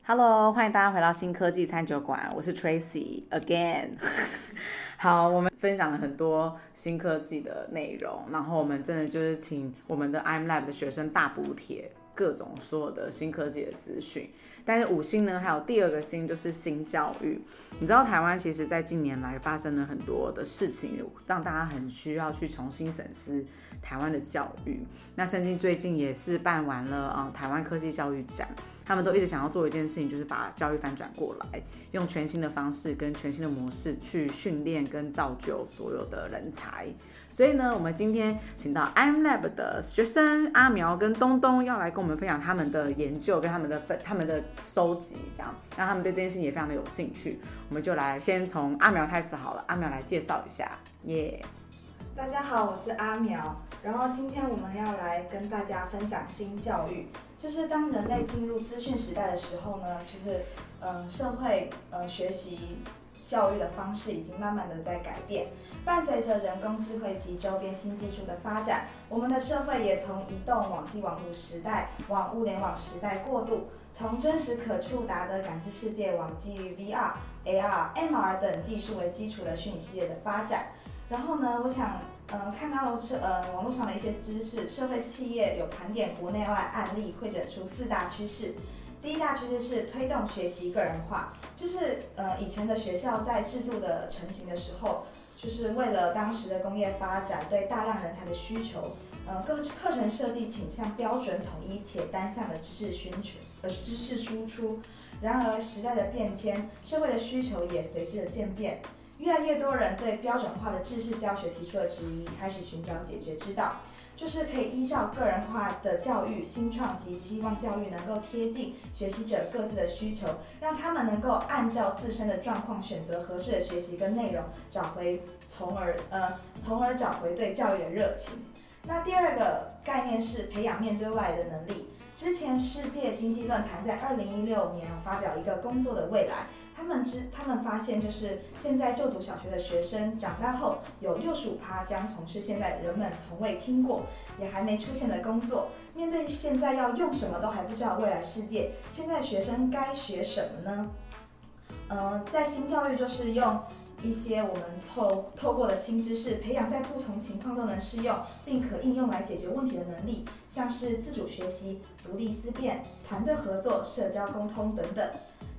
哈嘍，Hello，歡迎大家回到新科技餐酒館，我是 Tracy again。 好，我們分享了很多新科技的內容，然後我們真的就是請我們的 IMLab 的學生大補帖。各種所有的新科技的資訊，但是五新呢，還有第二個新就是新教育。你知道台灣其實，在近年來發生了很多的事情，讓大家很需要去重新審視台灣的教育。那甚至最近也是辦完了啊、呃，台灣科技教育展，他們都一直想要做一件事情，就是把教育翻轉過來，用全新的方式跟全新的模式去訓練跟造就所有的人才。所以呢，我們今天請到 IM Lab 的學生阿苗跟東東要來跟我們。我們分享他們的研究跟他們的分，他們的收集，這樣，那他們對這件事情也非常的有興趣。我們就來先從阿苗開始好了，阿苗來介紹一下。耶，Yeah，大家好，我是阿苗。然後今天我們要來跟大家分享新教育，就是當人類進入資訊時代的時候呢，就是，呃，社會，呃，學習。教育的方式已經慢慢的在改變，伴隨着人工智慧及周邊新技術的發展，我們的社會也從移動網際網絡時代往物聯網時代過渡，從真實可觸達的感知世界往基於 VR、AR、MR 等技術為基礎的虛擬世界的發展。然後呢，我想，呃，看到這呃網絡上的一些知識，社會企業有盤點國內外案例，會整出四大趨勢。第一大趨勢是推動學習個人化，就是呃，以前的學校在制度的成型的時候，就是為了當時的工業發展對大量人才的需求，呃，各課程設計傾向標準統一且單向的知識尋求呃知識輸出。然而時代的變遷，社會的需求也隨之的漸變，越來越多人對標準化的知識教學提出了質疑，開始尋找解決之道。就是可以依照個人化的教育，新創及期望教育能夠貼近學習者各自的需求，讓他們能夠按照自身的狀況選擇合適的學習跟內容，找回，從而呃，從而找回對教育的熱情。那第二個概念是培養面對未來的能力。之前世界經濟論壇在二零一六年發表一個工作的未來，他們之他們發現就是現在就讀小學的學生長大後有六十五趴將從事現在人們從未聽過也還沒出現的工作。面對現在要用什麼都還不知道未來世界，現在學生該學什麼呢？嗯、呃，在新教育就是用一些我們透透過的新知識，培養在不同情況都能適用，並可應用來解決問題的能力，像是自主學習、獨立思辨、團隊合作、社交溝通等等。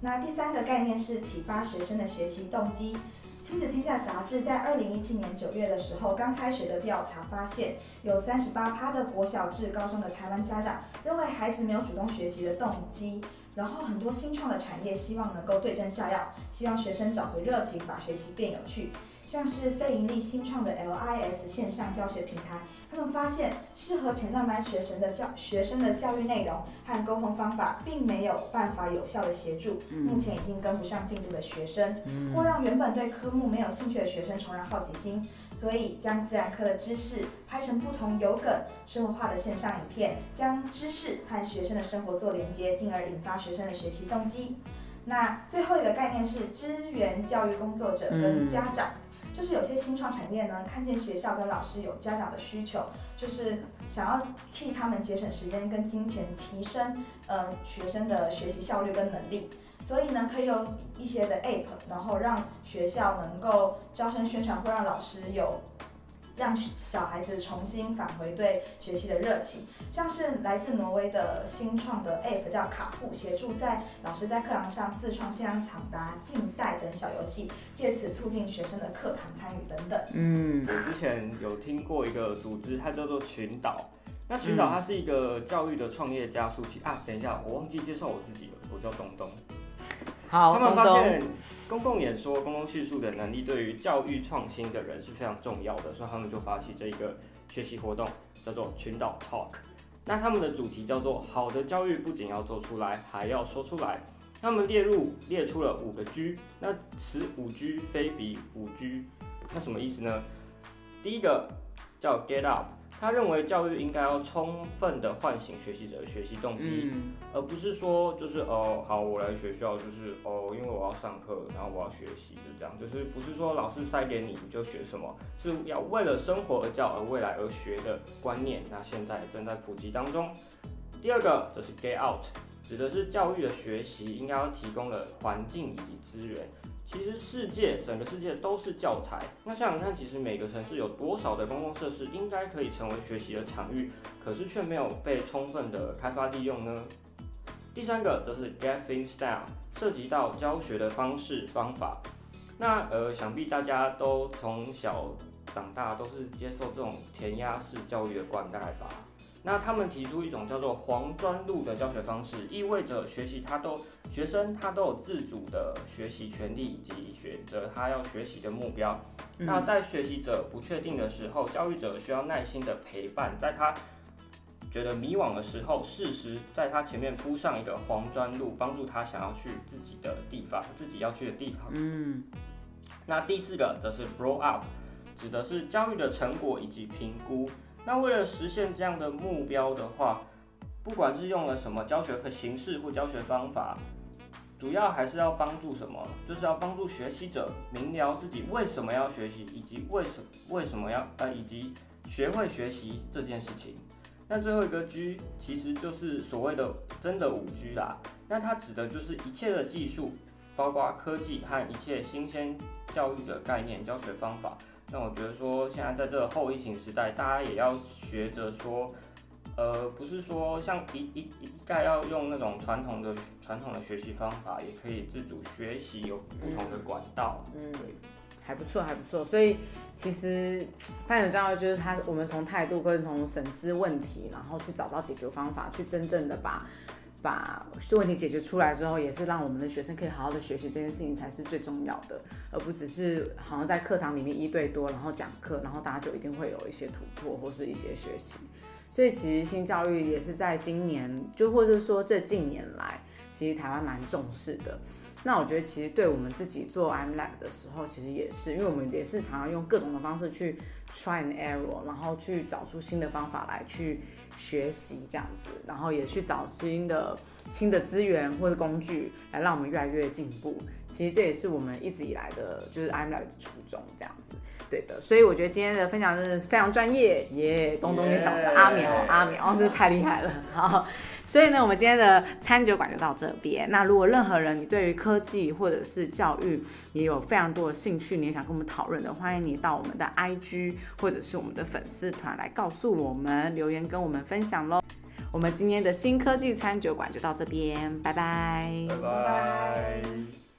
那第三個概念是啟發學生的學習動機。親子天下雜誌在二零一七年九月的時候，剛開學的調查發現，有三十八趴的國小至高中的台灣家長認為孩子沒有主動學習的動機。然後，很多新創的產業希望能夠對症下藥，希望學生找回熱情，把學習變有趣。像是非營利新創的 LIS 線上教學平台，他們發現適合前段班學生的教學生的教育內容和溝通方法，並沒有辦法有效的協助、嗯、目前已經跟不上進度的學生，或、嗯、讓原本對科目沒有興趣的學生重燃好奇心。所以將自然科的知識拍成不同有梗生活化的線上影片，將知識和學生的生活做連接，進而引發學生的學習動機。那最後一個概念是支援教育工作者跟家長。嗯就是有些新創產業呢，看見學校跟老師有家長的需求，就是想要替他們節省時間跟金錢，提升呃學生的學習效率跟能力，所以呢，可以用一些的 app，然後讓學校能夠招生宣傳，會讓老師有。讓小孩子重新返回對學習的熱情，像是來自挪威的新創的 App 叫卡布，協助在老師在課堂上自創現場搶答、競賽等小遊戲，借此促進學生的課堂參與等等。嗯，我之前有聽過一個組織，它叫做群島。那群島它是一個教育的創業加速器，嗯、啊。等一下，我忘記介紹我自己了，我叫東東。好他們發現公共演說、公共敘述的能力對於教育創新的人是非常重要的，所以他們就發起這個學習活動，叫做群島 Talk。那他們的主題叫做“好的教育不僅要做出來，還要說出來”。他們列入列出了五個 G，那此五 G 非彼五 G，那什麼意思呢？第一個叫 Get Up。他認為教育應該要充分的喚醒學習者的學習動機，嗯、而不是說就是哦好，我來學校就是哦，因為我要上課，然後我要學習，就這樣，就是不是說老師塞給你你就學什麼，是要為了生活而教，而未來而學的觀念。那現在正在普及當中。第二個就是 get out，指的是教育的學習應該要提供的環境以及資源。其實世界，整個世界都是教材，那想想看，其實每個城市有多少的公共設施，應該可以成為學習的場域，可是卻沒有被充分的開發利用呢？第三個則是 get in style，涉及到教學的方式方法。那呃，想必大家都從小長大都是接受這種填鴨式教育的灌溉吧？那他們提出一種叫做黃磚路的教學方式，意味着學習它都。學生他都有自主的學習權利以及選擇他要學習的目標。嗯、那在學習者不確定的時候，教育者需要耐心的陪伴，在他覺得迷惘的時候，適時在他前面鋪上一個黃磚路，幫助他想要去自己的地方，自己要去的地方。嗯。那第四個則是 grow up，指的是教育的成果以及評估。那為了實現這樣的目標的話，不管是用了什麼教學的形式或教學方法。主要還是要幫助什麼？就是要幫助學習者明了自己為什麼要學習，以及為什為什麼要呃，以及學會學習這件事情。那最後一個 G，其實就是所謂的真的五 G 啦。那它指的就是一切的技術，包括科技和一切新鮮教育的概念、教學方法。那我覺得說，現在在這個後疫情時代，大家也要學着說。呃，不是說像一一一概要用那種傳統的傳統的學習方法，也可以自主學習，有不同的管道，嗯，對嗯，還不錯，還不錯。所以其實發展的重要就是他，我們從態度或者從審視問題，然後去找到解決方法，去真正的把把問題解決出來之後，也是讓我們的學生可以好好的學習這件事情才是最重要的，而不只是好像在課堂裡面一對多，然後講課，然後大家就一定會有一些突破或是一些學習。所以其實新教育，也是在今年，就或者說這近年來，其實台灣蠻重視的。那我覺得其實對我們自己做 IM Lab 的時候，其實也是，因為我們也是常常用各種的方式去 try and error，然後去找出新的方法來去。學習這樣子，然後也去找新的新的資源或者工具來讓我們越來越進步。其實這也是我們一直以來的，就是 IM Lab 的初衷這樣子，對的。所以我覺得今天的分享真的是非常專業耶，yeah, 東東跟小阿苗阿苗，真的 Yeah. 太厲害了。好，所以呢，我們今天的餐酒館就到這邊。那如果任何人你對於科技或者是教育也有非常多的興趣，你也想跟我們討論的，歡迎你到我們的 IG 或者是我們的粉絲團來告訴我們留言跟我們。分享嘍！我們今天的新科技餐酒館就到這邊，拜拜！拜拜！拜拜拜拜！